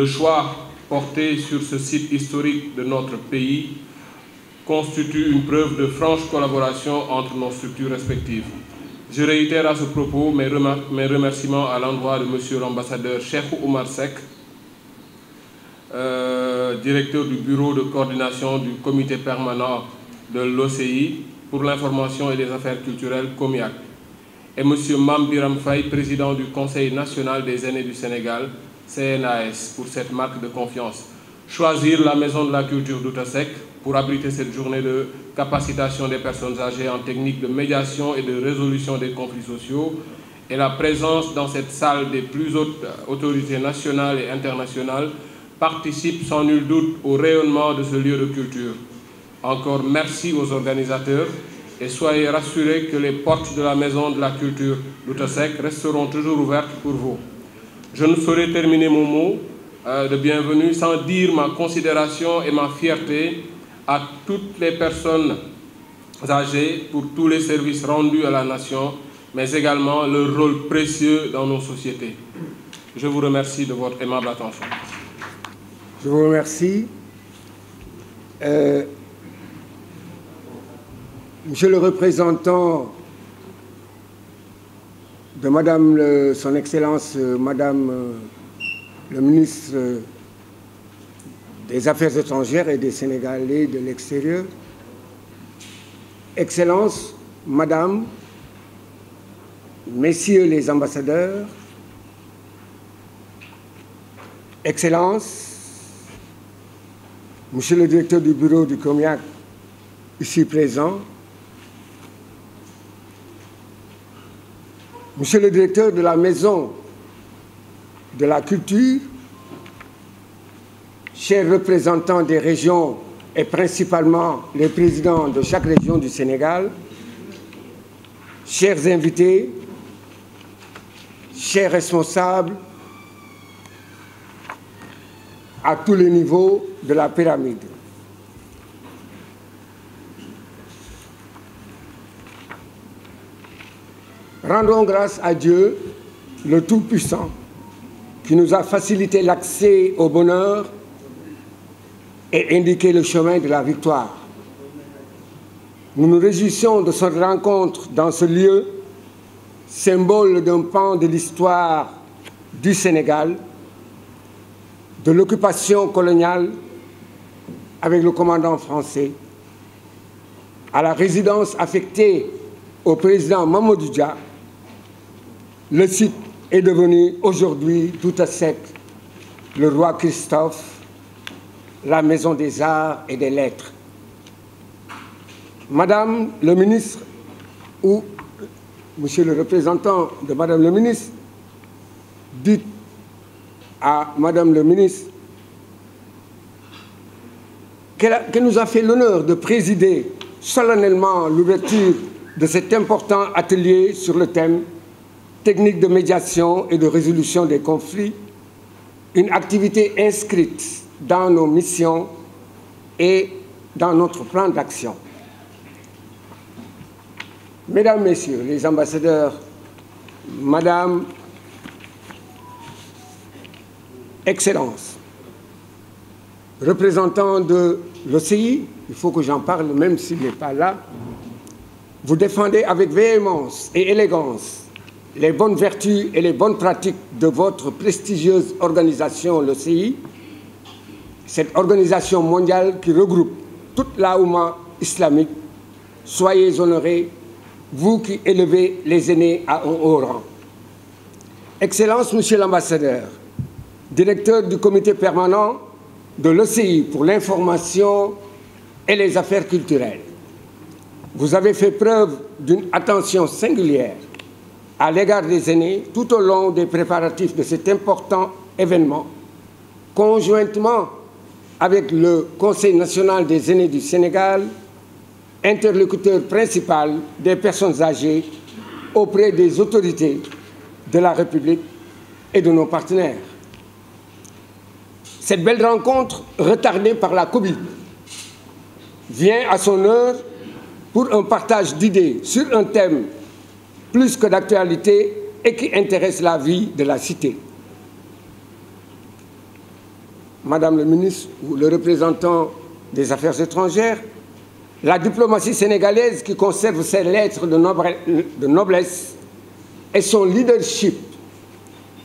Le choix porté sur ce site historique de notre pays constitue une preuve de franche collaboration entre nos structures respectives. Je réitère à ce propos mes, remerciements à l'endroit de M. l'ambassadeur Cheikh Oumar Sek, euh, directeur du bureau de coordination du comité permanent de l'OCI pour l'information et les affaires culturelles COMIAC, et M. Mambiram Faye, président du Conseil national des aînés du Sénégal, CNAS pour cette marque de confiance. Choisir la Maison de la Culture d'Outasek pour abriter cette journée de capacitation des personnes âgées en technique de médiation et de résolution des conflits sociaux et la présence dans cette salle des plus hautes autorités nationales et internationales participe sans nul doute au rayonnement de ce lieu de culture. Encore merci aux organisateurs et soyez rassurés que les portes de la Maison de la Culture d'Outasek resteront toujours ouvertes pour vous. Je ne saurais terminer mon mot hein, de bienvenue sans dire ma considération et ma fierté à toutes les personnes âgées pour tous les services rendus à la nation, mais également leur rôle précieux dans nos sociétés. Je vous remercie de votre aimable attention. Je vous remercie. Euh, monsieur le représentant de Madame Son Excellence, euh, Madame euh, le ministre euh, des Affaires étrangères et des Sénégalais de l'extérieur, Excellence, Madame, Messieurs les ambassadeurs, excellence, Monsieur le directeur du bureau du COMIAC, ici présent, Monsieur le directeur de la Maison de la Culture, chers représentants des régions et principalement les présidents de chaque région du Sénégal, chers invités, chers responsables à tous les niveaux de la pyramide. Rendons grâce à Dieu, le Tout-Puissant, qui nous a facilité l'accès au bonheur et indiqué le chemin de la victoire. Nous nous réjouissons de cette rencontre dans ce lieu, symbole d'un pan de l'histoire du Sénégal, de l'occupation coloniale avec le commandant français, à la résidence affectée au président Mamadou Dia le site est devenu aujourd'hui tout à sec le roi Christophe, la maison des arts et des lettres. Madame le ministre ou monsieur le représentant de Madame le ministre, dites à Madame le ministre qu'elle nous a fait l'honneur de présider solennellement l'ouverture de cet important atelier sur le thème technique de médiation et de résolution des conflits, une activité inscrite dans nos missions et dans notre plan d'action. Mesdames, Messieurs les ambassadeurs, Madame, Excellence, représentants de l'OCI, il faut que j'en parle même s'il n'est pas là, vous défendez avec véhémence et élégance les bonnes vertus et les bonnes pratiques de votre prestigieuse organisation, l'OCI, cette organisation mondiale qui regroupe toute la islamique, soyez honorés, vous qui élevez les aînés à un haut rang. Excellence, Monsieur l'Ambassadeur, directeur du comité permanent de l'OCI pour l'information et les affaires culturelles, vous avez fait preuve d'une attention singulière à l'égard des aînés tout au long des préparatifs de cet important événement, conjointement avec le Conseil national des aînés du Sénégal, interlocuteur principal des personnes âgées auprès des autorités de la République et de nos partenaires. Cette belle rencontre, retardée par la COVID, vient à son heure pour un partage d'idées sur un thème plus que d'actualité et qui intéresse la vie de la cité. Madame le ministre ou le représentant des Affaires étrangères, la diplomatie sénégalaise qui conserve ses lettres de noblesse et son leadership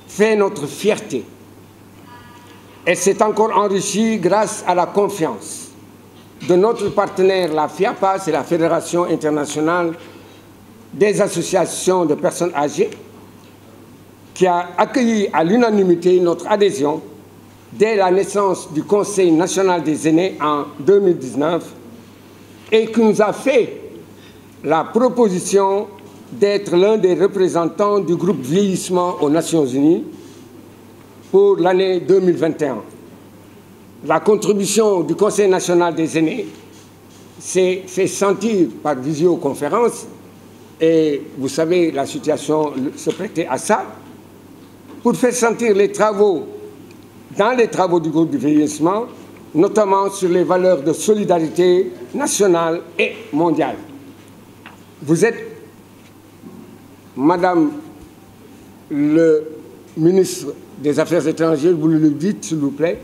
fait notre fierté. Elle s'est encore enrichie grâce à la confiance de notre partenaire, la FIAPAS et la Fédération internationale des associations de personnes âgées qui a accueilli à l'unanimité notre adhésion dès la naissance du Conseil national des aînés en 2019 et qui nous a fait la proposition d'être l'un des représentants du groupe vieillissement aux Nations Unies pour l'année 2021. La contribution du Conseil national des aînés s'est fait sentir par visioconférence et vous savez, la situation se prêtait à ça, pour faire sentir les travaux, dans les travaux du groupe du vieillissement, notamment sur les valeurs de solidarité nationale et mondiale. Vous êtes, Madame le ministre des Affaires étrangères, vous le dites s'il vous plaît,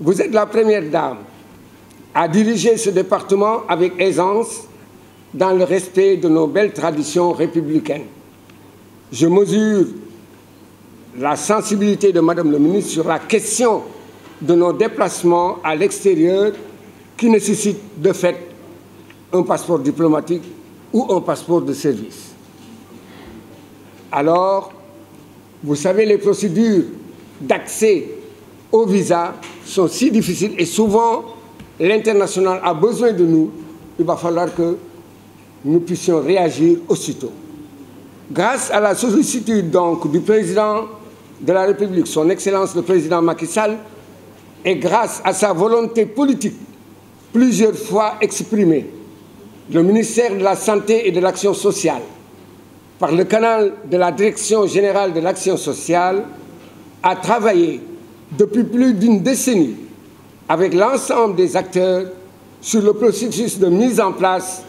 vous êtes la première dame à diriger ce département avec aisance dans le respect de nos belles traditions républicaines. Je mesure la sensibilité de Madame le ministre sur la question de nos déplacements à l'extérieur qui nécessitent de fait un passeport diplomatique ou un passeport de service. Alors, vous savez, les procédures d'accès au visa sont si difficiles et souvent l'international a besoin de nous. Il va falloir que nous puissions réagir aussitôt. Grâce à la sollicitude donc du président de la République, son Excellence le président Macky Sall, et grâce à sa volonté politique plusieurs fois exprimée, le ministère de la Santé et de l'Action sociale, par le canal de la Direction générale de l'Action sociale, a travaillé depuis plus d'une décennie avec l'ensemble des acteurs sur le processus de mise en place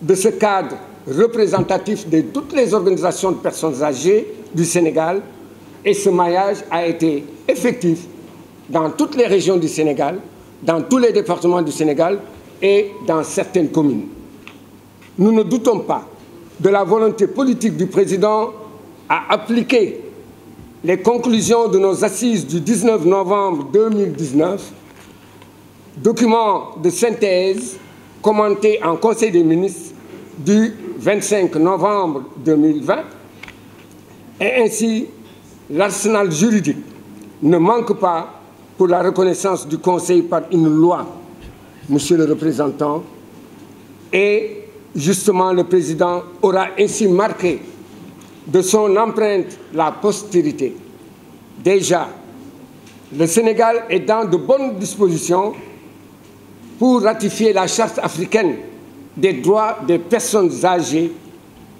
de ce cadre représentatif de toutes les organisations de personnes âgées du Sénégal et ce maillage a été effectif dans toutes les régions du Sénégal, dans tous les départements du Sénégal et dans certaines communes. Nous ne doutons pas de la volonté politique du président à appliquer les conclusions de nos assises du 19 novembre 2019, document de synthèse commenté en Conseil des ministres du 25 novembre 2020 et ainsi l'arsenal juridique ne manque pas pour la reconnaissance du Conseil par une loi, Monsieur le représentant, et justement le président aura ainsi marqué de son empreinte la postérité. Déjà, le Sénégal est dans de bonnes dispositions pour ratifier la Charte africaine des droits des personnes âgées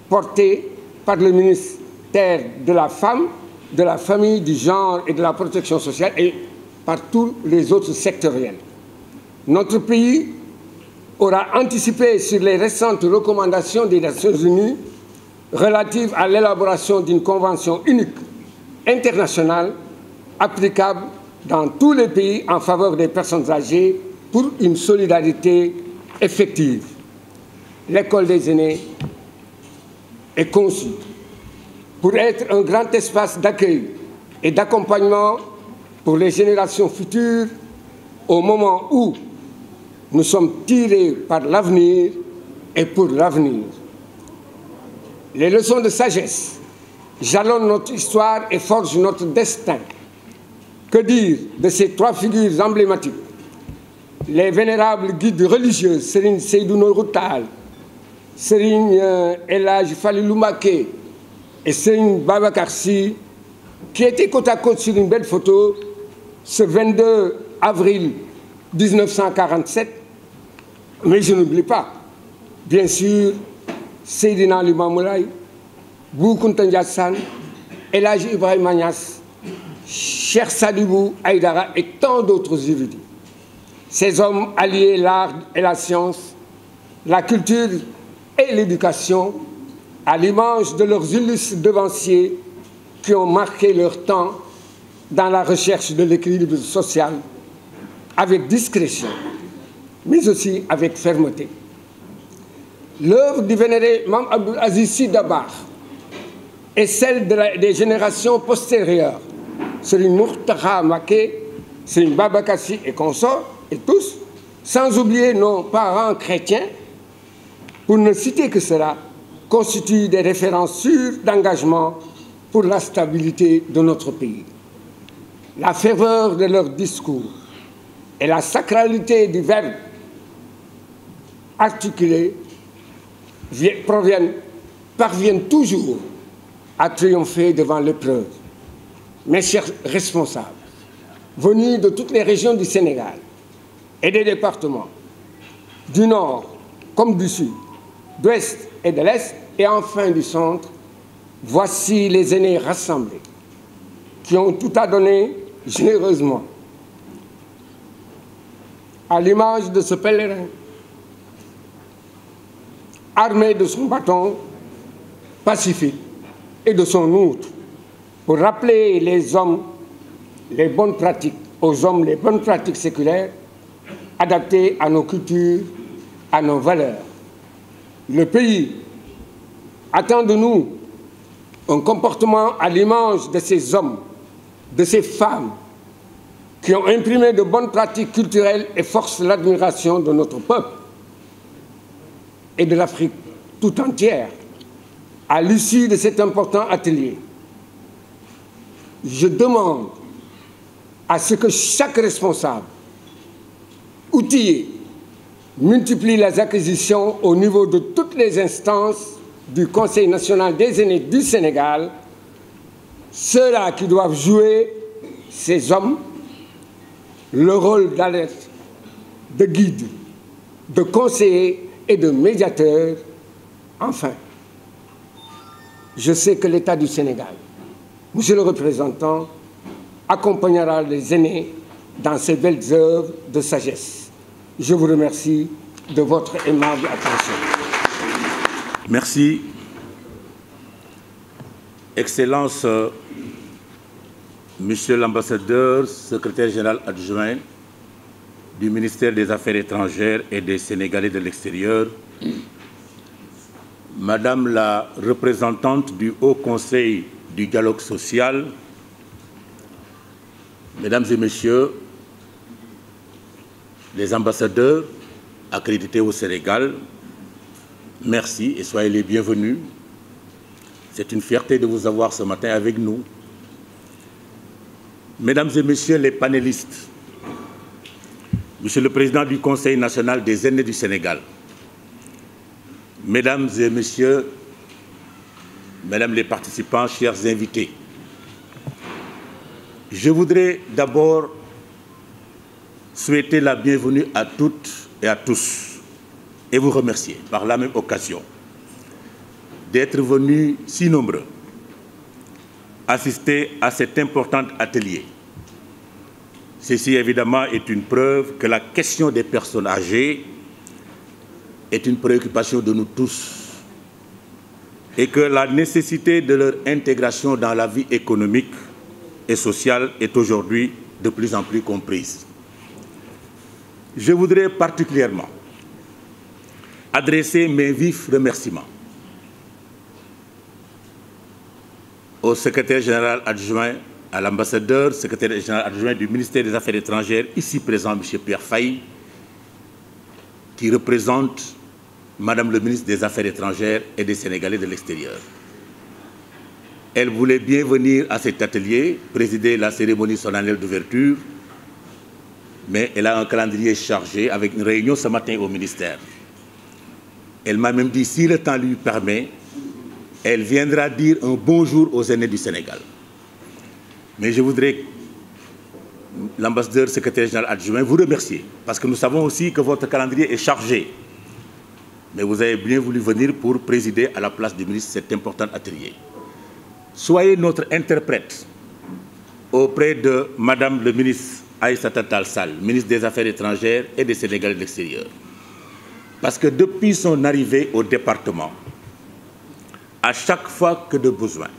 portée par le ministère de la Femme, de la Famille, du Genre et de la Protection sociale et par tous les autres sectoriels. Notre pays aura anticipé sur les récentes recommandations des Nations Unies relatives à l'élaboration d'une convention unique internationale applicable dans tous les pays en faveur des personnes âgées pour une solidarité effective. L'école des aînés est conçue pour être un grand espace d'accueil et d'accompagnement pour les générations futures au moment où nous sommes tirés par l'avenir et pour l'avenir. Les leçons de sagesse jalonnent notre histoire et forgent notre destin. Que dire de ces trois figures emblématiques les vénérables guides religieux, Serine Seydou Nouroutal, Serine Elage euh, Faliloumake et Serine Babakarsi, qui étaient côte à côte sur une belle photo ce 22 avril 1947. Mais je n'oublie pas, bien sûr, Seydina Limamoulaye, Boukounta Ndiassan, Elage Ibrahim Agnas, Cher Sadibou Aïdara et tant d'autres individus. Ces hommes alliés l'art et la science, la culture et l'éducation, à l'image de leurs illustres devanciers qui ont marqué leur temps dans la recherche de l'équilibre social avec discrétion, mais aussi avec fermeté. L'œuvre du vénéré Mam Abdul Aziz Dabar et celle des générations postérieures, celui Murtaha Maké, une Babakassi et consorts, et tous, sans oublier nos parents chrétiens, pour ne citer que cela, constituent des références sûres d'engagement pour la stabilité de notre pays. La ferveur de leur discours et la sacralité du verbe articulé parviennent toujours à triompher devant l'épreuve. Mes chers responsables, venus de toutes les régions du Sénégal, et des départements du nord comme du sud, d'ouest et de l'est, et enfin du centre, voici les aînés rassemblés qui ont tout à donner généreusement. À l'image de ce pèlerin, armé de son bâton pacifique et de son outre, pour rappeler les hommes les bonnes pratiques, aux hommes les bonnes pratiques séculaires adapté à nos cultures, à nos valeurs. Le pays attend de nous un comportement à l'image de ces hommes, de ces femmes qui ont imprimé de bonnes pratiques culturelles et forcent l'admiration de notre peuple et de l'Afrique tout entière. À l'issue de cet important atelier, je demande à ce que chaque responsable outillé, multiplie les acquisitions au niveau de toutes les instances du Conseil national des aînés du Sénégal, ceux-là qui doivent jouer, ces hommes, le rôle d'alerte, de guide, de conseiller et de médiateur, enfin. Je sais que l'État du Sénégal, Monsieur le représentant, accompagnera les aînés dans ces belles œuvres de sagesse. Je vous remercie de votre aimable attention. Merci. Excellence, euh, Monsieur l'ambassadeur, secrétaire général adjoint du ministère des Affaires étrangères et des Sénégalais de l'extérieur, Madame la représentante du Haut Conseil du dialogue social, Mesdames et Messieurs, les ambassadeurs accrédités au Sénégal, merci et soyez les bienvenus. C'est une fierté de vous avoir ce matin avec nous. Mesdames et Messieurs les panélistes, Monsieur le Président du Conseil national des aînés du Sénégal, Mesdames et Messieurs, Mesdames les participants, chers invités, je voudrais d'abord souhaiter la bienvenue à toutes et à tous et vous remercier par la même occasion d'être venus si nombreux assister à cet important atelier. Ceci évidemment est une preuve que la question des personnes âgées est une préoccupation de nous tous et que la nécessité de leur intégration dans la vie économique et sociale est aujourd'hui de plus en plus comprise je voudrais particulièrement adresser mes vifs remerciements au secrétaire général adjoint, à l'ambassadeur, secrétaire général adjoint du ministère des Affaires étrangères, ici présent, M. Pierre Fay, qui représente Madame le ministre des Affaires étrangères et des Sénégalais de l'extérieur. Elle voulait bien venir à cet atelier, présider la cérémonie solennelle d'ouverture mais elle a un calendrier chargé avec une réunion ce matin au ministère. Elle m'a même dit, si le temps lui permet, elle viendra dire un bonjour aux aînés du Sénégal. Mais je voudrais, l'ambassadeur secrétaire général adjoint, vous remercier, parce que nous savons aussi que votre calendrier est chargé. Mais vous avez bien voulu venir pour présider à la place du ministre cet important atelier. Soyez notre interprète auprès de Madame le ministre Aïssata Tal Sall, ministre des Affaires étrangères et des Sénégalais de l'extérieur. Parce que depuis son arrivée au département, à chaque fois que de besoin,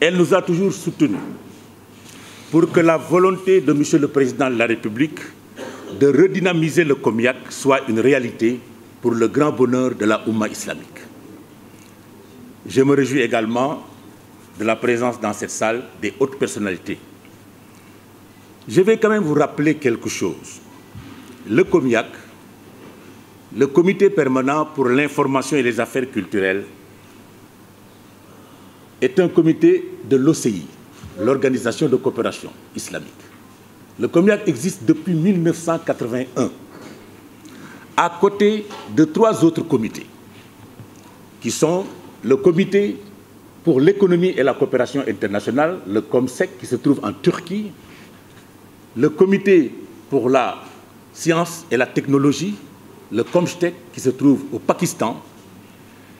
elle nous a toujours soutenus pour que la volonté de Monsieur le Président de la République de redynamiser le Comiac soit une réalité pour le grand bonheur de la Oumma islamique. Je me réjouis également de la présence dans cette salle des hautes personnalités je vais quand même vous rappeler quelque chose. Le COMIAC, le Comité permanent pour l'information et les affaires culturelles, est un comité de l'OCI, l'Organisation de coopération islamique. Le COMIAC existe depuis 1981, à côté de trois autres comités, qui sont le Comité pour l'économie et la coopération internationale, le COMSEC, qui se trouve en Turquie, le comité pour la science et la technologie, le Comstec, qui se trouve au Pakistan,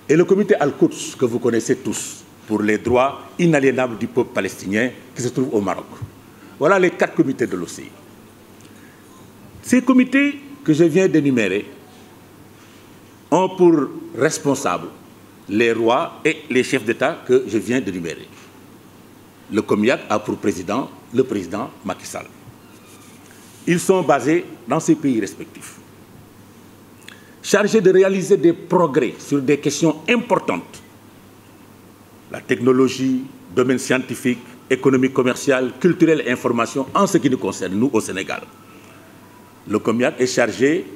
et le comité Al-Quds, que vous connaissez tous, pour les droits inaliénables du peuple palestinien, qui se trouve au Maroc. Voilà les quatre comités de l'OCI. Ces comités que je viens d'énumérer ont pour responsables les rois et les chefs d'État que je viens d'énumérer. Le Comiat a pour président le président Macky Sall. Ils sont basés dans ces pays respectifs. Chargés de réaliser des progrès sur des questions importantes, la technologie, domaine scientifique, économie commerciale, culturelle et information, en ce qui nous concerne, nous, au Sénégal. Le Comiat est chargé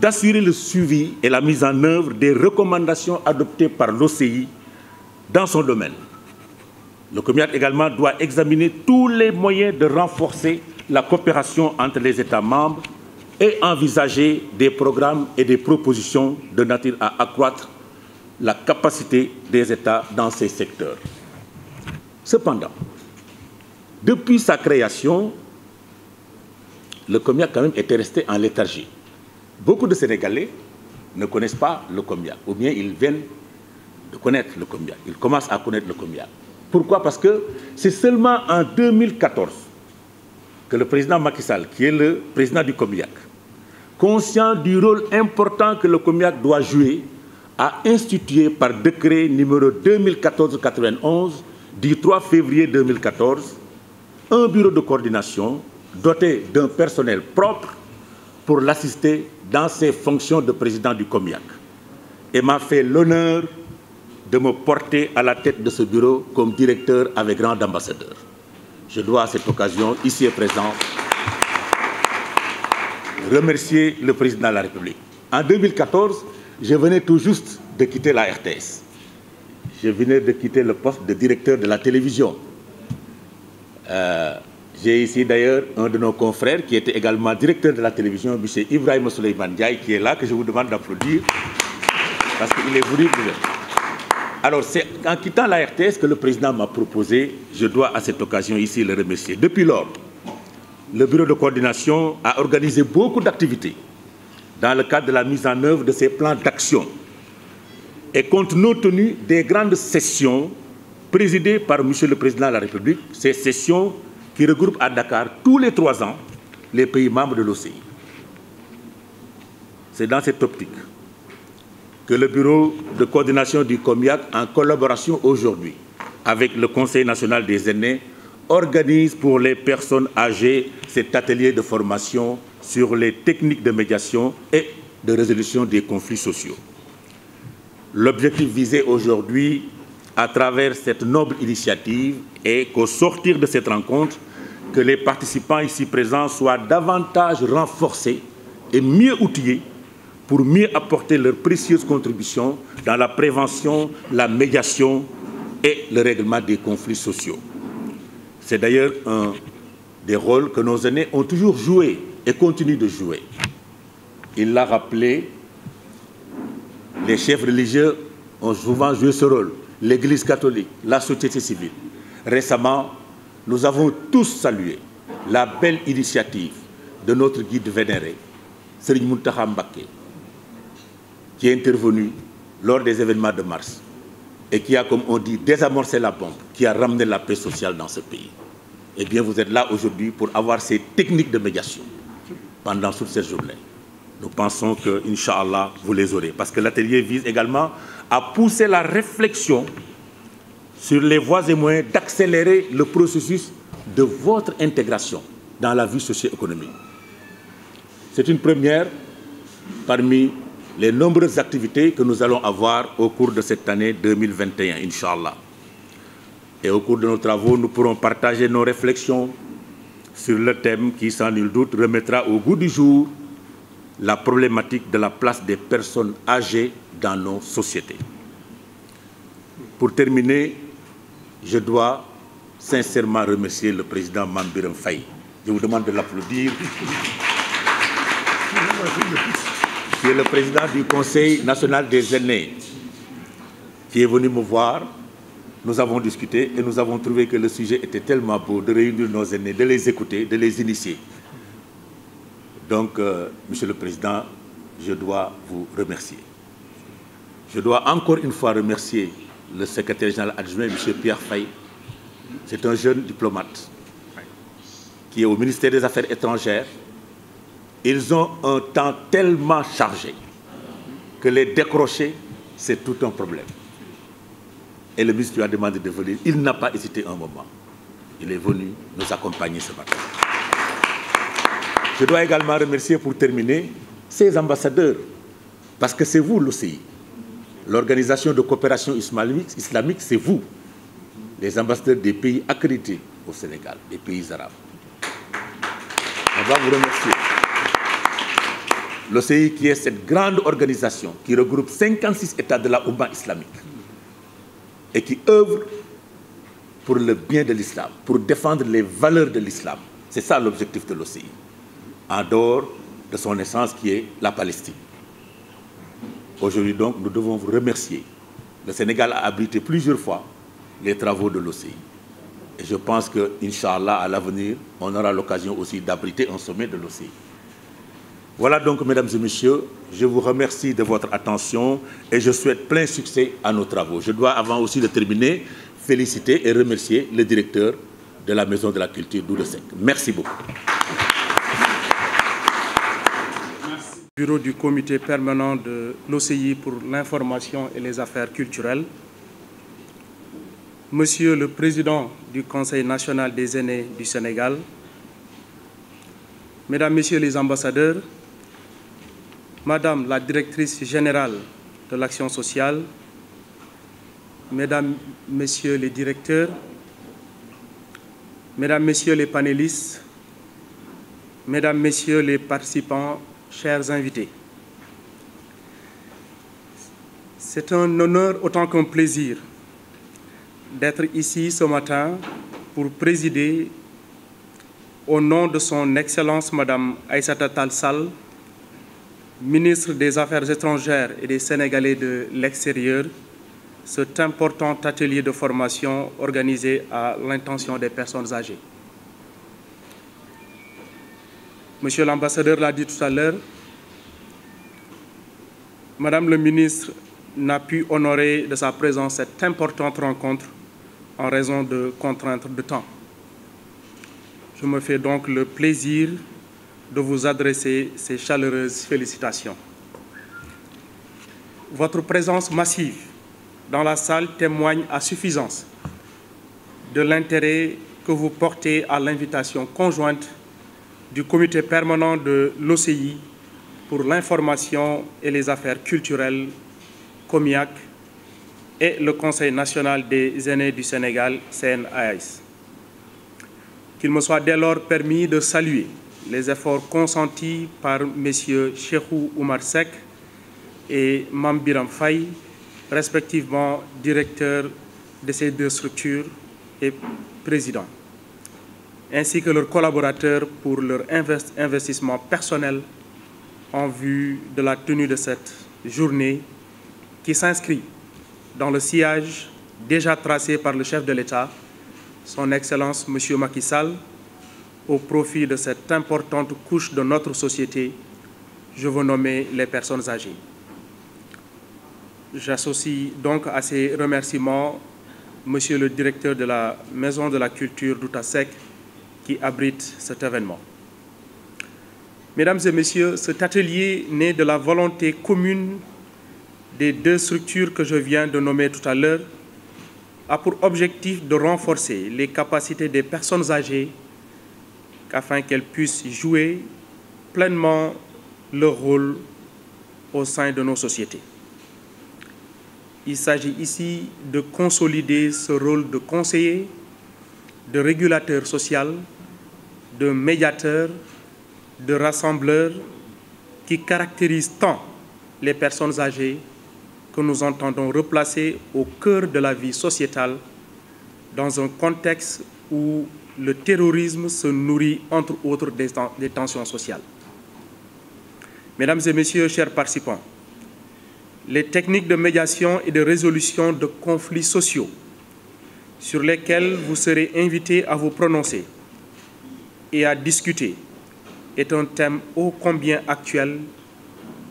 d'assurer le suivi et la mise en œuvre des recommandations adoptées par l'OCI dans son domaine. Le Comiat également doit examiner tous les moyens de renforcer la coopération entre les États membres et envisager des programmes et des propositions de nature à accroître la capacité des États dans ces secteurs. Cependant, depuis sa création, le COMIA quand même était resté en léthargie. Beaucoup de Sénégalais ne connaissent pas le COMIA, ou bien ils viennent de connaître le COMIA. Ils commencent à connaître le COMIA. Pourquoi Parce que c'est seulement en 2014 que le président Macky Sall, qui est le président du COMIAC, conscient du rôle important que le COMIAC doit jouer, a institué par décret numéro 2014-91 du 3 février 2014 un bureau de coordination doté d'un personnel propre pour l'assister dans ses fonctions de président du COMIAC et m'a fait l'honneur de me porter à la tête de ce bureau comme directeur avec grand ambassadeur je dois à cette occasion, ici et présent, remercier le président de la République. En 2014, je venais tout juste de quitter la RTS. Je venais de quitter le poste de directeur de la télévision. Euh, j'ai ici d'ailleurs un de nos confrères qui était également directeur de la télévision, M. Ibrahim Souleyman Diaye, qui est là, que je vous demande d'applaudir, parce qu'il est venu. Alors, c'est en quittant la RTS que le président m'a proposé, je dois à cette occasion ici le remercier. Depuis lors, le bureau de coordination a organisé beaucoup d'activités dans le cadre de la mise en œuvre de ces plans d'action et compte tenu des grandes sessions présidées par M. le Président de la République, ces sessions qui regroupent à Dakar tous les trois ans les pays membres de l'OCI. C'est dans cette optique que le Bureau de coordination du COMIAC, en collaboration aujourd'hui avec le Conseil national des aînés, organise pour les personnes âgées cet atelier de formation sur les techniques de médiation et de résolution des conflits sociaux. L'objectif visé aujourd'hui à travers cette noble initiative est qu'au sortir de cette rencontre, que les participants ici présents soient davantage renforcés et mieux outillés pour mieux apporter leur précieuse contribution dans la prévention, la médiation et le règlement des conflits sociaux. C'est d'ailleurs un des rôles que nos aînés ont toujours joué et continuent de jouer. Il l'a rappelé, les chefs religieux ont souvent joué ce rôle, l'Église catholique, la société civile. Récemment, nous avons tous salué la belle initiative de notre guide vénéré, Serigne Moutaham qui est intervenu lors des événements de mars et qui a, comme on dit, désamorcé la bombe, qui a ramené la paix sociale dans ce pays. Eh bien, vous êtes là aujourd'hui pour avoir ces techniques de médiation pendant toute ces journées. Nous pensons que, Inch'Allah, vous les aurez. Parce que l'atelier vise également à pousser la réflexion sur les voies et moyens d'accélérer le processus de votre intégration dans la vie socio-économique. C'est une première parmi les nombreuses activités que nous allons avoir au cours de cette année 2021, Inch'Allah. Et au cours de nos travaux, nous pourrons partager nos réflexions sur le thème qui, sans nul doute, remettra au goût du jour la problématique de la place des personnes âgées dans nos sociétés. Pour terminer, je dois sincèrement remercier le président Mambiram Faye. Je vous demande de l'applaudir. qui est le président du Conseil national des aînés, qui est venu me voir. Nous avons discuté et nous avons trouvé que le sujet était tellement beau de réunir nos aînés, de les écouter, de les initier. Donc, euh, Monsieur le Président, je dois vous remercier. Je dois encore une fois remercier le secrétaire général adjoint, M. Pierre Fay. C'est un jeune diplomate qui est au ministère des Affaires étrangères, ils ont un temps tellement chargé que les décrocher, c'est tout un problème. Et le ministre lui a demandé de venir. Il n'a pas hésité un moment. Il est venu nous accompagner ce matin. Je dois également remercier pour terminer ces ambassadeurs, parce que c'est vous l'OCI. L'organisation de coopération islamique, c'est vous, les ambassadeurs des pays accrédités au Sénégal, des pays arabes. On va vous remercier. L'OCI qui est cette grande organisation qui regroupe 56 États de la Ouba islamique et qui œuvre pour le bien de l'islam, pour défendre les valeurs de l'islam. C'est ça l'objectif de l'OCI, en dehors de son essence qui est la Palestine. Aujourd'hui donc, nous devons vous remercier. Le Sénégal a abrité plusieurs fois les travaux de l'OCI. Et je pense que, Inch'Allah, à l'avenir, on aura l'occasion aussi d'abriter un sommet de l'OCI. Voilà donc, mesdames et messieurs, je vous remercie de votre attention et je souhaite plein succès à nos travaux. Je dois, avant aussi de terminer, féliciter et remercier le directeur de la Maison de la Culture d'Oudesec. Merci beaucoup. Merci. Bureau du comité permanent de l'OCI pour l'information et les affaires culturelles, Monsieur le Président du Conseil national des aînés du Sénégal, Mesdames, Messieurs les ambassadeurs, Madame la Directrice Générale de l'Action Sociale, Mesdames, Messieurs les directeurs, Mesdames, Messieurs les panélistes, Mesdames, Messieurs les participants, chers invités. C'est un honneur autant qu'un plaisir d'être ici ce matin pour présider au nom de son Excellence Madame Aïssata Talsal, ministre des Affaires étrangères et des Sénégalais de l'extérieur, cet important atelier de formation organisé à l'intention des personnes âgées. Monsieur l'ambassadeur l'a dit tout à l'heure, Madame le ministre n'a pu honorer de sa présence cette importante rencontre en raison de contraintes de temps. Je me fais donc le plaisir de vous adresser ces chaleureuses félicitations. Votre présence massive dans la salle témoigne à suffisance de l'intérêt que vous portez à l'invitation conjointe du comité permanent de l'OCI pour l'information et les affaires culturelles, COMIAC, et le Conseil national des aînés du Sénégal, CNAS. Qu'il me soit dès lors permis de saluer les efforts consentis par M. Cheikhou Oumar Sek et Mambiram Faye, respectivement directeurs de ces deux structures et présidents, ainsi que leurs collaborateurs pour leur investissement personnel en vue de la tenue de cette journée qui s'inscrit dans le sillage déjà tracé par le chef de l'État, son Excellence M. Macky Sall, au profit de cette importante couche de notre société, je veux nommer les personnes âgées. J'associe donc à ces remerciements Monsieur le directeur de la Maison de la Culture Sec qui abrite cet événement. Mesdames et Messieurs, cet atelier naît de la volonté commune des deux structures que je viens de nommer tout à l'heure a pour objectif de renforcer les capacités des personnes âgées afin qu'elles puissent jouer pleinement leur rôle au sein de nos sociétés. Il s'agit ici de consolider ce rôle de conseiller, de régulateur social, de médiateur, de rassembleur qui caractérise tant les personnes âgées que nous entendons replacer au cœur de la vie sociétale dans un contexte où le terrorisme se nourrit entre autres des, tensions sociales. Mesdames et messieurs, chers participants, les techniques de médiation et de résolution de conflits sociaux sur lesquels vous serez invités à vous prononcer et à discuter est un thème ô combien actuel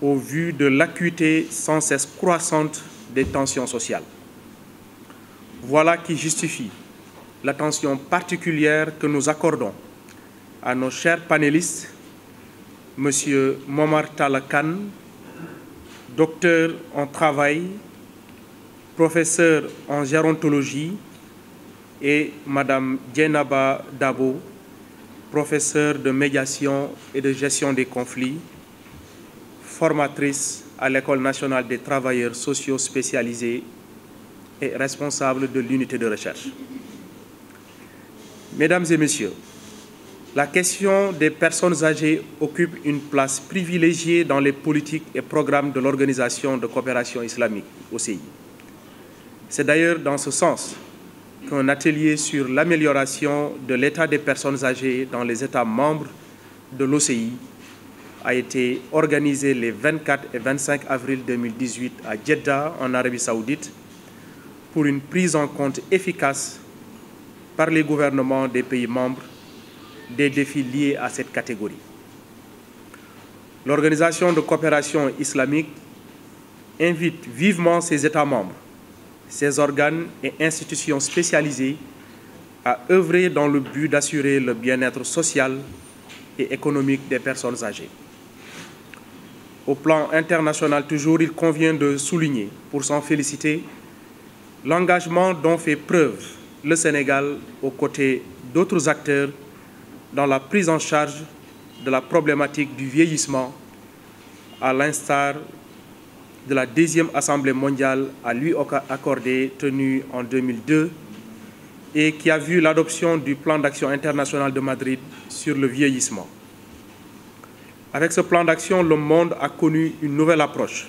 au vu de l'acuité sans cesse croissante des tensions sociales. Voilà qui justifie l'attention particulière que nous accordons à nos chers panélistes, M. Momar Khan, docteur en travail, professeur en gérontologie, et Mme Djenaba Dabo, professeure de médiation et de gestion des conflits, formatrice à l'École nationale des travailleurs sociaux spécialisés et responsable de l'unité de recherche. Mesdames et messieurs, la question des personnes âgées occupe une place privilégiée dans les politiques et programmes de l'Organisation de coopération islamique, OCI. C'est d'ailleurs dans ce sens qu'un atelier sur l'amélioration de l'état des personnes âgées dans les États membres de l'OCI a été organisé les 24 et 25 avril 2018 à Jeddah, en Arabie saoudite, pour une prise en compte efficace par les gouvernements des pays membres des défis liés à cette catégorie. L'Organisation de coopération islamique invite vivement ses États membres, ses organes et institutions spécialisées à œuvrer dans le but d'assurer le bien-être social et économique des personnes âgées. Au plan international toujours, il convient de souligner, pour s'en féliciter, l'engagement dont fait preuve le Sénégal aux côtés d'autres acteurs dans la prise en charge de la problématique du vieillissement, à l'instar de la deuxième Assemblée mondiale à lui accordée tenue en 2002 et qui a vu l'adoption du plan d'action international de Madrid sur le vieillissement. Avec ce plan d'action, le monde a connu une nouvelle approche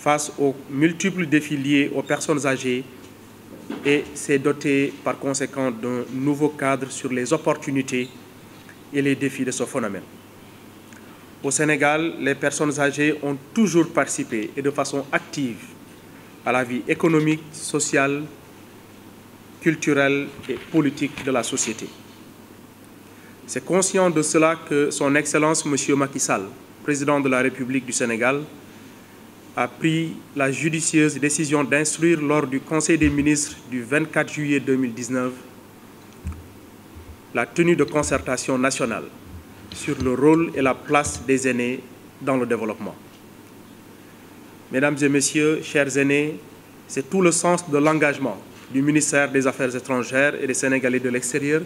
face aux multiples défis liés aux personnes âgées et s'est doté par conséquent d'un nouveau cadre sur les opportunités et les défis de ce phénomène. Au Sénégal, les personnes âgées ont toujours participé et de façon active à la vie économique, sociale, culturelle et politique de la société. C'est conscient de cela que son Excellence Monsieur Macky Sall, président de la République du Sénégal, a pris la judicieuse décision d'instruire lors du Conseil des ministres du 24 juillet 2019 la tenue de concertation nationale sur le rôle et la place des aînés dans le développement. Mesdames et Messieurs, chers aînés, c'est tout le sens de l'engagement du ministère des Affaires étrangères et des Sénégalais de l'extérieur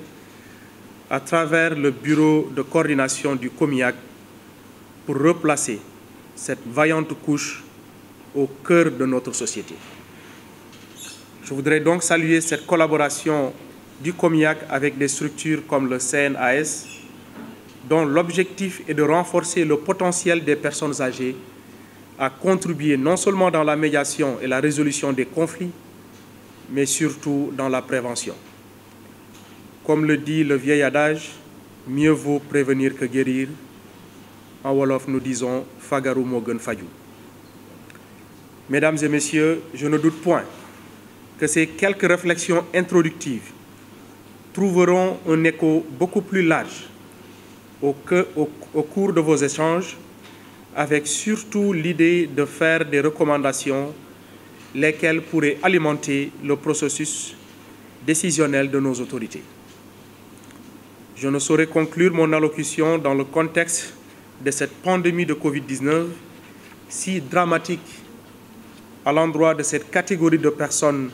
à travers le bureau de coordination du COMIAC pour replacer cette vaillante couche au cœur de notre société. Je voudrais donc saluer cette collaboration du COMIAC avec des structures comme le CNAS, dont l'objectif est de renforcer le potentiel des personnes âgées à contribuer non seulement dans la médiation et la résolution des conflits, mais surtout dans la prévention. Comme le dit le vieil adage, mieux vaut prévenir que guérir. En Wolof, nous disons Fagaru Mogen Fayou. Mesdames et messieurs, je ne doute point que ces quelques réflexions introductives trouveront un écho beaucoup plus large au, cours de vos échanges, avec surtout l'idée de faire des recommandations lesquelles pourraient alimenter le processus décisionnel de nos autorités. Je ne saurais conclure mon allocution dans le contexte de cette pandémie de Covid-19 si dramatique à l'endroit de cette catégorie de personnes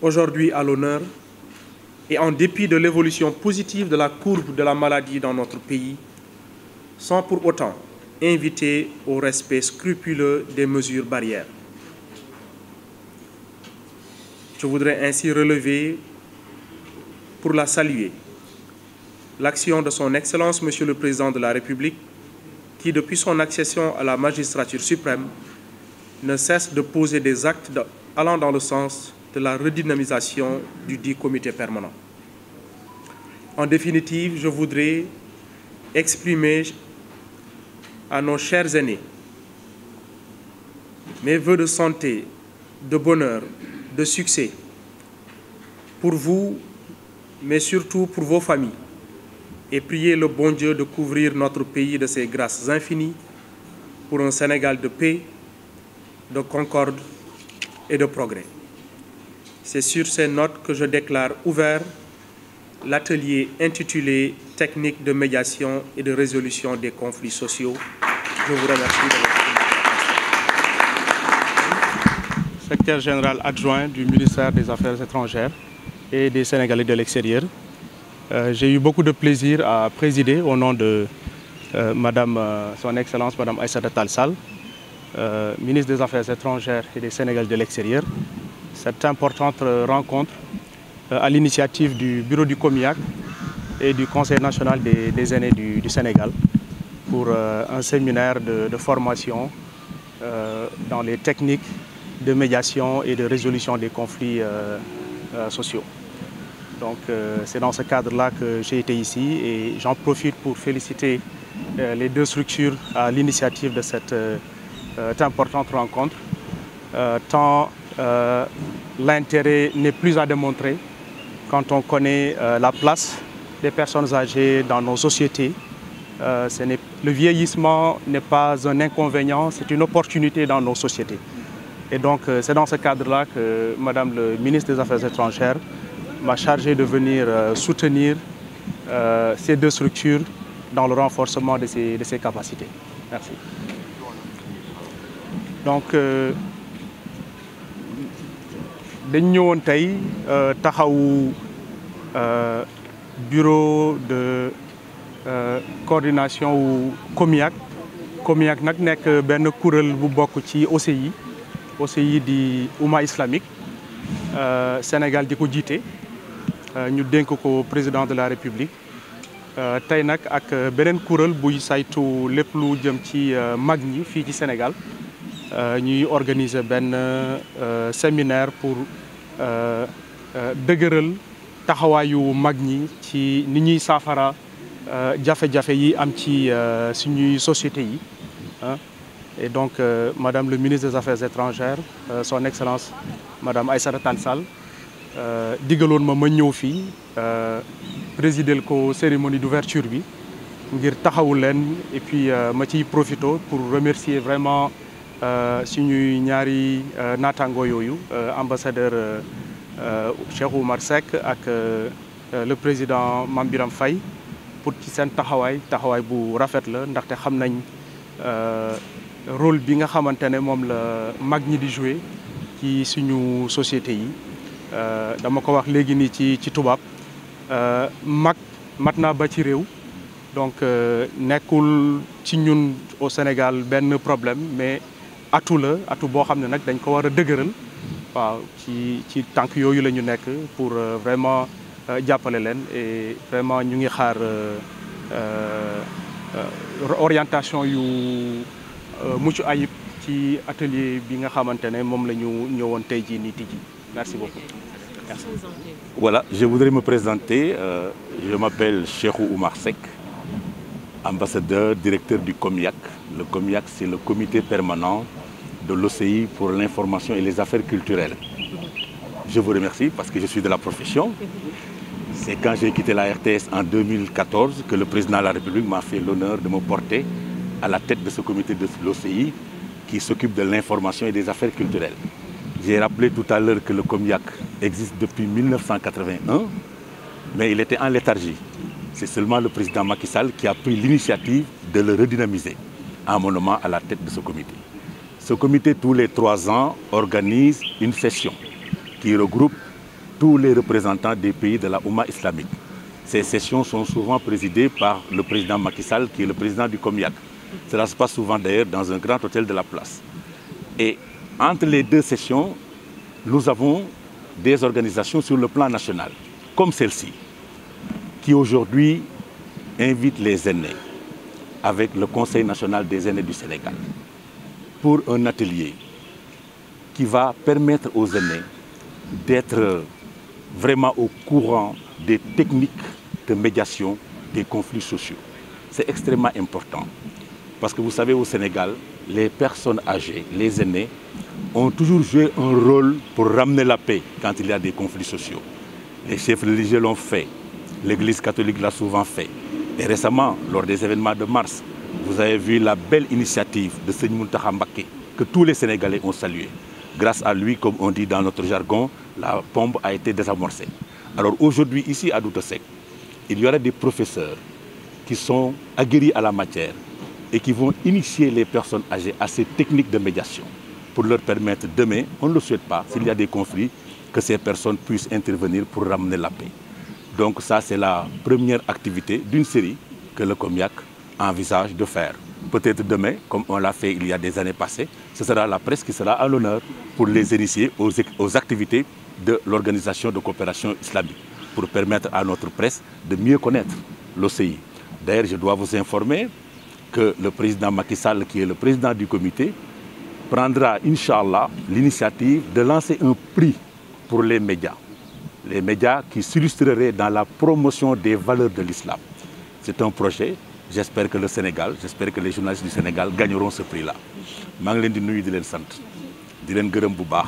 aujourd'hui à l'honneur et en dépit de l'évolution positive de la courbe de la maladie dans notre pays, sans pour autant inviter au respect scrupuleux des mesures barrières. Je voudrais ainsi relever, pour la saluer, l'action de son Excellence Monsieur le Président de la République, qui depuis son accession à la magistrature suprême ne cesse de poser des actes allant dans le sens de la redynamisation du dit comité permanent. En définitive, je voudrais exprimer à nos chers aînés mes voeux de santé, de bonheur, de succès pour vous, mais surtout pour vos familles, et prier le bon Dieu de couvrir notre pays de ses grâces infinies pour un Sénégal de paix, de concorde et de progrès. C'est sur ces notes que je déclare ouvert l'atelier intitulé Techniques de médiation et de résolution des conflits sociaux. Je vous remercie de votre Secrétaire général adjoint du ministère des Affaires étrangères et des Sénégalais de l'extérieur, euh, j'ai eu beaucoup de plaisir à présider au nom de euh, Madame, euh, son Excellence Madame Aïssata Talsal, euh, ministre des Affaires étrangères et des Sénégal de l'extérieur, cette importante rencontre euh, à l'initiative du bureau du COMIAC et du Conseil national des, aînés du, Sénégal pour euh, un séminaire de, de formation dans les techniques de médiation et de résolution des conflits sociaux. Donc c'est dans ce cadre-là que j'ai été ici et j'en profite pour féliciter les deux structures à l'initiative de cette c'est euh, importante rencontre, euh, tant euh, l'intérêt n'est plus à démontrer quand on connaît la place des personnes âgées dans nos sociétés. le vieillissement n'est pas un inconvénient, c'est une opportunité dans nos sociétés. Et donc c'est dans ce cadre-là que Madame le ministre des Affaires étrangères m'a chargé de venir soutenir ces deux structures dans le renforcement de ces, de ces capacités. Merci donc euh, dañ ñëwoon tey euh, taxawu euh, bureau de coordination ou COMIAC COMIAC est nekk ben kuréel bu bokk ci OCI OCI di Oumma islamique Sénégal di ko jiite ñu président de la République T'ay nag ak beneen kuréel buy saytu l'OCI lu jëm ci Magni, ñi Sénégal nous euh, avons organisé un euh, séminaire pour dégager les magni qui ci ni ñuy saafara jafé euh, jafé yi am ci suñuy société hein. et donc madame le ministre des affaires étrangères son excellence madame Aïssata Tansal Sall ma ma ñëw fii présider ko cérémonie d'ouverture bi ngir taxawu et puis ma ciy profito pour remercier vraiment euh, suñuy ñaari euh, naataango yooyu euh, ambassadeur Cheikh Oumar Seck ak le président Mame Fay Faye pour ci sen taxaway taxaway bu rafet la ndaxte xamnañ rôle bi nga xamantene mom moom la mag di jouer ci suñu société yi dama ko wax légui ni ci ci tubaab mag matna ba ci rew donc nekul ci ñun au Sénégal ben problème mais atu la atu boo xam ne nag dañ ko wara a dëgëral waaw ci ci tank yoyu lañu nek pour euh, vraiment euh, jappalé len et vraiment ñu ngi xaar euh, euh orientation yu muccu ayib ci atelier bi nga xamantene mom lañu ñëwon tay ji tey jii merci beaucoup. Voilà, je voudrais me présenter. Euh, je m'appelle Cheikhou Oumar Sek, ambassadeur, directeur du COMIAC. Le COMIAC, c'est le comité permanent de l'OCI pour l'information et les affaires culturelles. Je vous remercie parce que je suis de la profession. C'est quand j'ai quitté la RTS en 2014 que le président de la République m'a fait l'honneur de me porter à la tête de ce comité de l'OCI qui s'occupe de l'information et des affaires culturelles. J'ai rappelé tout à l'heure que le Comiac existe depuis 1981, mais il était en léthargie. C'est seulement le président Macky Sall qui a pris l'initiative de le redynamiser en mon nom à la tête de ce comité. Ce comité, tous les trois ans, organise une session qui regroupe tous les représentants des pays de la Ouma islamique. Ces sessions sont souvent présidées par le président Macky Sall, qui est le président du Comiac. Cela se passe souvent d'ailleurs dans un grand hôtel de la place. Et entre les deux sessions, nous avons des organisations sur le plan national, comme celle-ci, qui aujourd'hui invite les aînés avec le Conseil national des aînés du Sénégal pour un atelier qui va permettre aux aînés d'être vraiment au courant des techniques de médiation des conflits sociaux. C'est extrêmement important parce que vous savez au Sénégal, les personnes âgées, les aînés, ont toujours joué un rôle pour ramener la paix quand il y a des conflits sociaux. Les chefs religieux l'ont fait, l'Église catholique l'a souvent fait. Et récemment, lors des événements de mars, vous avez vu la belle initiative de Seigne Mountaha que tous les Sénégalais ont salué. Grâce à lui, comme on dit dans notre jargon, la pompe a été désamorcée. Alors aujourd'hui, ici à Sec, il y aura des professeurs qui sont aguerris à la matière et qui vont initier les personnes âgées à ces techniques de médiation pour leur permettre demain, on ne le souhaite pas, s'il y a des conflits, que ces personnes puissent intervenir pour ramener la paix. Donc ça, c'est la première activité d'une série que le COMIAC envisage de faire. Peut-être demain, comme on l'a fait il y a des années passées, ce sera la presse qui sera à l'honneur pour les initier aux, activités de l'Organisation de coopération islamique, pour permettre à notre presse de mieux connaître l'OCI. D'ailleurs, je dois vous informer que le président Macky Sall, qui est le président du comité, prendra, Inch'Allah, l'initiative de lancer un prix pour les médias. Les médias qui s'illustreraient dans la promotion des valeurs de l'islam. C'est un projet j'espère que le Sénégal j'espère que les journalistes du Sénégal gagneront ce prix là Je vous leen di vous di leen sant di leen gërëm bu baax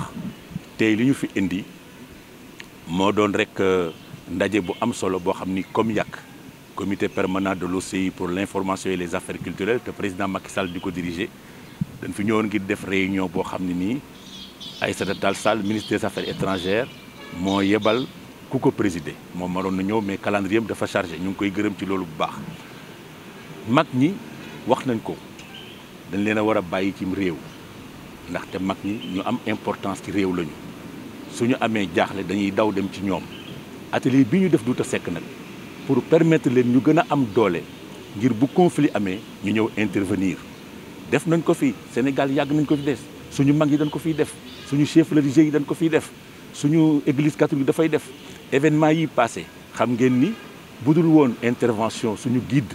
tey que fi indi moo doon rek euh, ndaje bu am solo comité permanent de l'OCI pour l'information et les affaires culturelles le président Macky Sall du co diriger dañ fi ñëwoon ngir def réunion boo xam ne ministre des affaires étrangères moo yebal ku ko présider moom maroon fait ñëw calendrier am dafa chargé ñu ngi koy gërëm ci loolu bu mag ñi wax nañ ko dañ leen a war a bàyyi cim réew ndaxte mag ñi ñu am importance ci réew lañu suñu amee jaaxle dañuy daw dem ci ñoom atelier bi ñu def Douta sekk nag pour permettre leen ñu gën a am doole ngir bu conflit amee ñu ñëw intervenir def nañ ko fii Sénégal yàgg nañ ko fi des suñu mag yi dañ ko fi def suñu chef religieux yi dañ ko fiy def suñu église catholique dafay def événement yi passé xam ngeen ni bu dul woon intervention suñu guide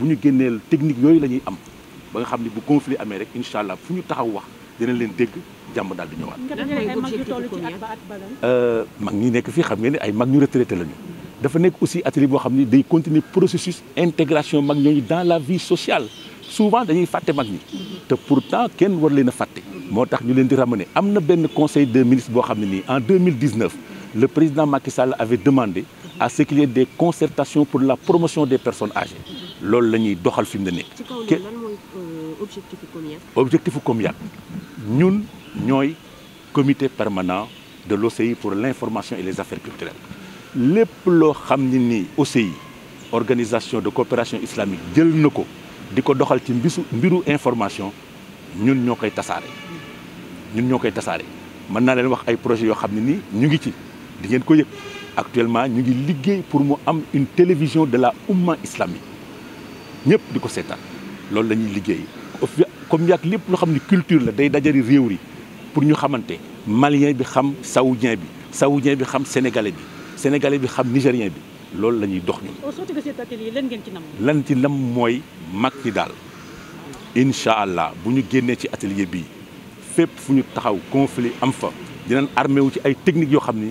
bu ñu technique yoy lañuy am ba nga xamni bu conflit amé rek inshallah allah fu ñu taxaw wax dinañ leen dégg jamm dal di ñëwaat. Euh, mag ñi nekk fi xam ngeen ay mag ñu retraité lañu. dafa nekk aussi atelier bo xamni day continuer processus intégration mag ñooñu dans la vie sociale souvent dañuy faté mag ñi. te pourtant kenn war leen faté. motax ñu leen di ramener amna ben conseil des ministres bo xamni en 2019 le président Macky Sall avait demandé à ce qu'il y ait des concertations pour la promotion des personnes âgées. C'est ce qu'on doxal fi fait. ne ci L'objectif lan euh, Nous avons comité permanent de l'OCI pour l'information et les affaires culturelles Les OCI organisation de coopération islamique nous fait ko ko doxal ci le bureau information ñun sommes koy tasaare. ñun ñoo Maintenant, nous avons projet leen projets di ngeen ko yëg actuellement ñu ngi liggéey pour mu am une télévision de la Oumma islamique ñëpp di ko seetaan loolu la ñuy liggéey comme yàgg lépp loo xam ne culture la day dajari réew yi pour ñu xamante malien bi xam saoudien bi saoudien bi xam sénégalais bi sénégalais bi xam nigérien bi loolu la ñuy dox ñun. au sortir de cet atelier lan ngeen ci nam. lan ci nam mooy mag ñi daal incha ci atelier bii fépp fu ñu taxaw conflit am fa dinañ armé wu ci ay techniques yoo xam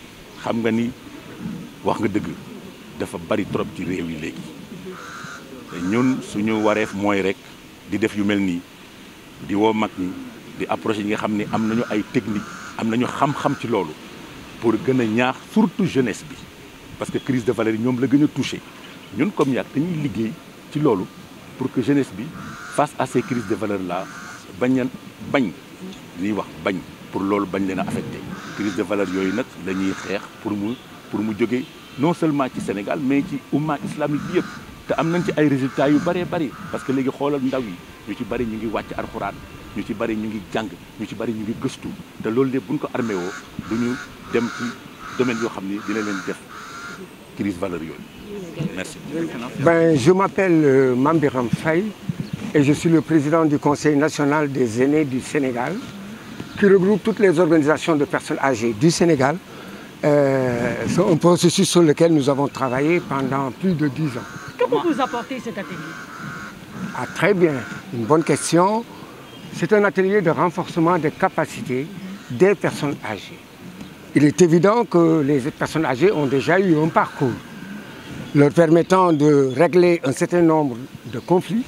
xam nga ni wax nga dëgg dafa bari trop ci réew yi léegi te ñun suñu wareef mooy rek di def yu mel nii di woo mag ñi di approché yi nga xam ne am nañu ay technique am nañu xam-xam ci loolu pour gën a ñaax surtout jeunesse bi parce que crise de valeur yi ñoom la gën a touché ñun comme yàgg dañuy liggéey ci loolu pour que jeunesse bi face à ces crises de valeur là bañ a bañ li wax bañ pour loolu bañ leen a affecté crise de valeur yoy nak lañuy ñuy pour mu pour mu jóge non seulement ci Sénégal mais ci umma islamique bi yépp té am nañ ci ay résultats yu bari bari parce que légui xolal ndaw yi ñu ci bari ñu ngi wacc alcorane ñu ci bari ñu ngi jang ñu ci bari ñu ngi gëstu té loolu lépp buñ ko armé wo duñu dem ci domaine yo xamni dina leen def crise valeur yoy merci ben je m'appelle euh, Mambiram Faye et je suis le président du conseil national des aînés du Sénégal qui regroupe toutes les organisations de personnes âgées du Sénégal. Euh, c'est un processus sur lequel nous avons travaillé pendant plus de dix ans. Que vous apporter cet atelier ah, Très bien, une bonne question. C'est un atelier de renforcement des capacités des personnes âgées. Il est évident que les personnes âgées ont déjà eu un parcours leur permettant de régler un certain nombre de conflits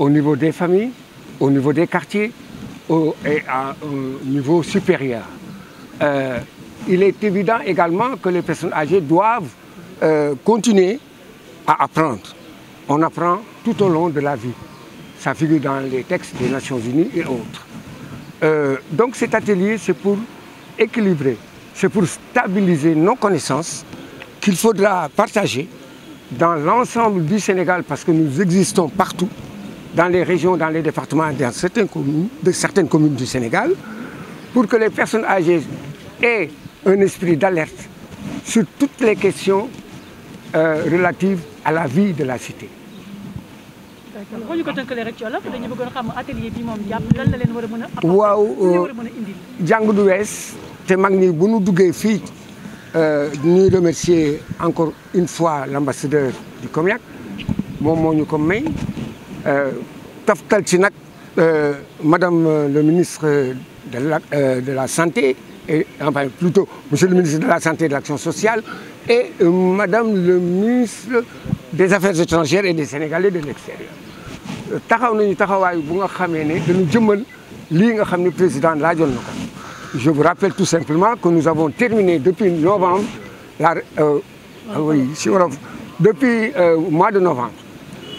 au niveau des familles, au niveau des quartiers, et à un niveau supérieur. Euh, il est évident également que les personnes âgées doivent euh, continuer à apprendre. On apprend tout au long de la vie. Ça figure dans les textes des Nations Unies et autres. Euh, donc cet atelier, c'est pour équilibrer, c'est pour stabiliser nos connaissances qu'il faudra partager dans l'ensemble du Sénégal parce que nous existons partout dans les régions, dans les départements, dans certaines communes, de certaines communes du Sénégal, pour que les personnes âgées aient un esprit d'alerte sur toutes les questions euh, relatives à la vie de la cité. waaw euh, jàng du euh, remercier encore une fois l'ambassadeur du Comiac, mon moo euh, taftal euh, madame euh, le ministre de la santé et enfin plutôt monsieur le ministre de la santé et de l'action sociale et madame le ministre des affaires étrangères et des sénégalais de l'extérieur je vous rappelle tout simplement que nous avons terminé depuis novembre la ah oui depuis mois de novembre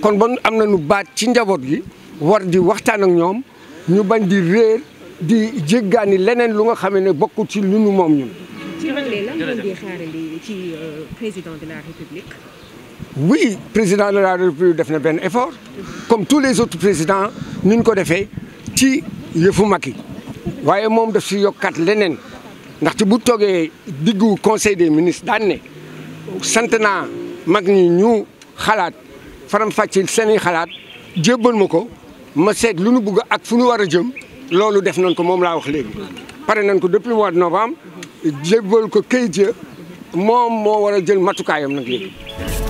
kon bon am nañu baat ci njabot gi war di waxtaan ak ñom ñu bañ di réer di jéggani leneen lu nga xamé né bokku ci lu nu moom ñun. ci rënd lan ngeen di xaarandi ci euh, président de la république. oui président de la république def na ben effort comme tous les autres présidents ni ñu ko défé ci yefu maki yi mom moom daf yokkat yokkaat ndax ci bu toogee diggu conseil des ministres daan ne sant naa mag ñi ñu xalaat. faram faccé seni xalaat djebul mako ma sét luñu bëgg ak fuñu wara jëm lolu def nañ ko mom la wax légui paré nañ ko depuis mois de novembre djebul ko keydje ya, mom mo wara jël matukayam nak légui